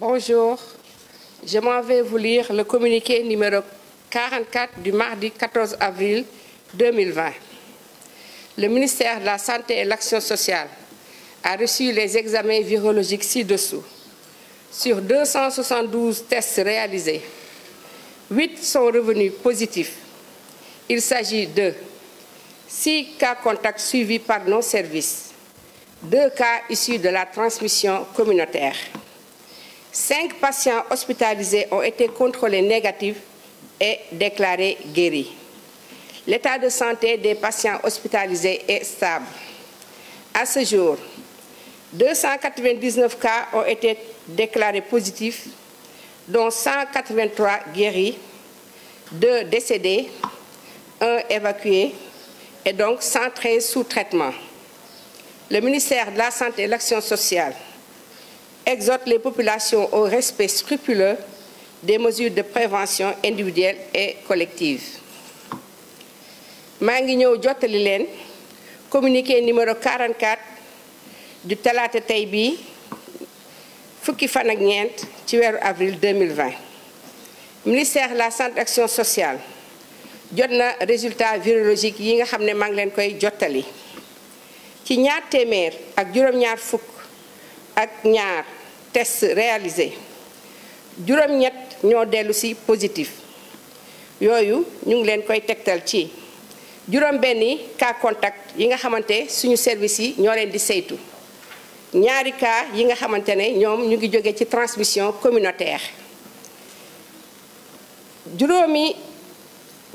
Bonjour, je m'en vais vous lire le communiqué numéro 44 du mardi 14 avril 2020. Le ministère de la Santé et de sociale a reçu les examens virologiques ci-dessous. Sur 272 tests réalisés, 8 sont revenus positifs. Il s'agit de 6 cas contacts suivis par nos services, 2 cas issus de la transmission communautaire. Cinq patients hospitalisés ont été contrôlés négatifs et déclarés guéris. L'état de santé des patients hospitalisés est stable. À ce jour, 299 cas ont été déclarés positifs, dont 183 guéris, 2 décédés, 1 évacué et donc 113 sous traitement. Le ministère de la Santé et de l'Action sociale exhorte les populations au respect scrupuleux des mesure de prévention individuelle et collective maa ngi ñëw jottali leen communiqué numéro 44 du talaate tey bii fukki fan ak ñeent ci weeru avril 2020 ministère la santé action sociale jot na résultat virologique yi nga xam ne maa ngi leen koy jottali ci ñaar téeméer ak juróom-ñaar fukk ak ñaar test réalisé juróom-ñett ñoo dellu si positif yooyu ñu ngi leen koy tegtal ci juróom-benni cas contact yi nga xamante suñu service yi ñoo leen di saytu ñaari cas yi nga xamante ne ñoom ñu ngi jóge ci transmission communautaire juróomi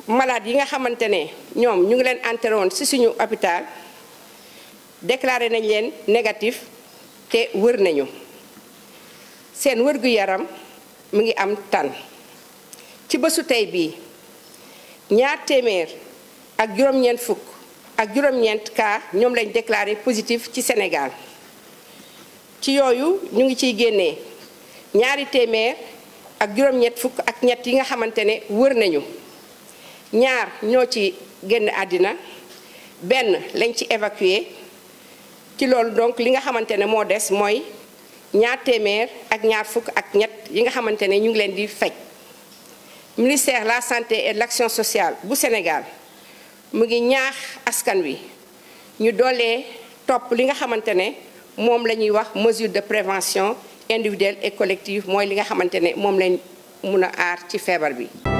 malaat yi nga xamante ne ñoom ñu ngi leen enteré woon si suñu hôpital déclaré nañ leen négatif te wër nañu seen wërgu yaram mu ngi am tan ci bésu tey bii ñaar téeméer ak juróom-ñeent fukk ak juróom-ñeent cas ñoom lañ déclaré positif ci Sénégal ci yooyu ñu ngi ciy génnee ñaari téeméer ak juróom-ñett fukk ak ñett yi nga xamante ne wër nañu ñaar ñoo ci génn àddina benn lañ ci évacué ci loolu donc li nga xamante ne moo des mooy ñaar téeméer ak ñaar fukk ak ñett yi nga xamante ne ñu ngi leen di faj ministère la santé et l'action sociale bu Sénégal mu ngi ñaax askan wi ñu doolee topp li nga xamante ne moom la ñuy wax mesure de prévention individuelle et collective mooy li nga xamante ne moom lañ mun a aar ci feebar bi